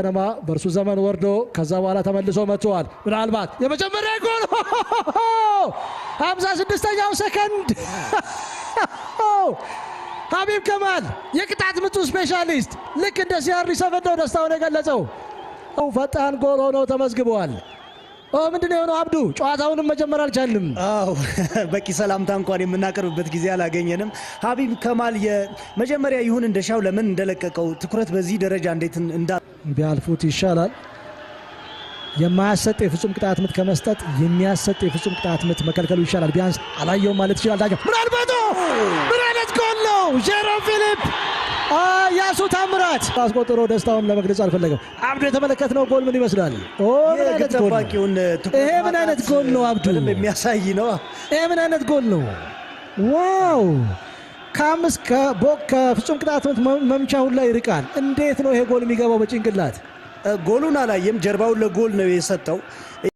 ከነማ በእርሱ ዘመን ወርዶ ከዛ በኋላ ተመልሶ መጥተዋል። ምናልባት የመጀመሪያ ጎል ሀምሳ ስድስተኛው ሰከንድ ሀቢብ ከማል የቅጣት ምቱ ስፔሻሊስት ልክ እንደ ሲያሪ ሰፈን ነው ደስታውን የገለጸው። ፈጣን ጎል ሆኖ ተመዝግበዋል። ምንድን የሆነው አብዱ ጨዋታውንም መጀመር አልቻልም። አዎ በቂ ሰላምታ እንኳን የምናቀርብበት ጊዜ አላገኘንም። ሀቢብ ከማል የመጀመሪያ ይሁን እንደሻው ለምን እንደለቀቀው ትኩረት በዚህ ደረጃ እንዴት እንዳ ቢያልፉት ይሻላል። የማያሰጥ የፍጹም ቅጣት ምት ከመስጠት የሚያሰጥ የፍጹም ቅጣት ምት መከልከሉ ይሻላል። ቢያንስ አላየውም ማለት ይችላል። ዳኛ ምናልባት ምን አይነት ጎል ነው? ጀሮም ፊሊፕ ያሱ ታምራት አስቆጥሮ ደስታውን ለመግለጽ አልፈለገም። አብዱ የተመለከትነው ጎል ምን ይመስላል? ይሄ ምን አይነት ጎል ነው? አብዱ የሚያሳይ ነው። ይሄ ምን አይነት ጎል ነው? ዋው ከአምስት ከፍጹም ቅጣት መምቻ ሁላ ይርቃል። እንዴት ነው ይሄ ጎል የሚገባው በጭንቅላት? ጎሉን አላየም። ጀርባውን ለጎል ነው የሰጠው።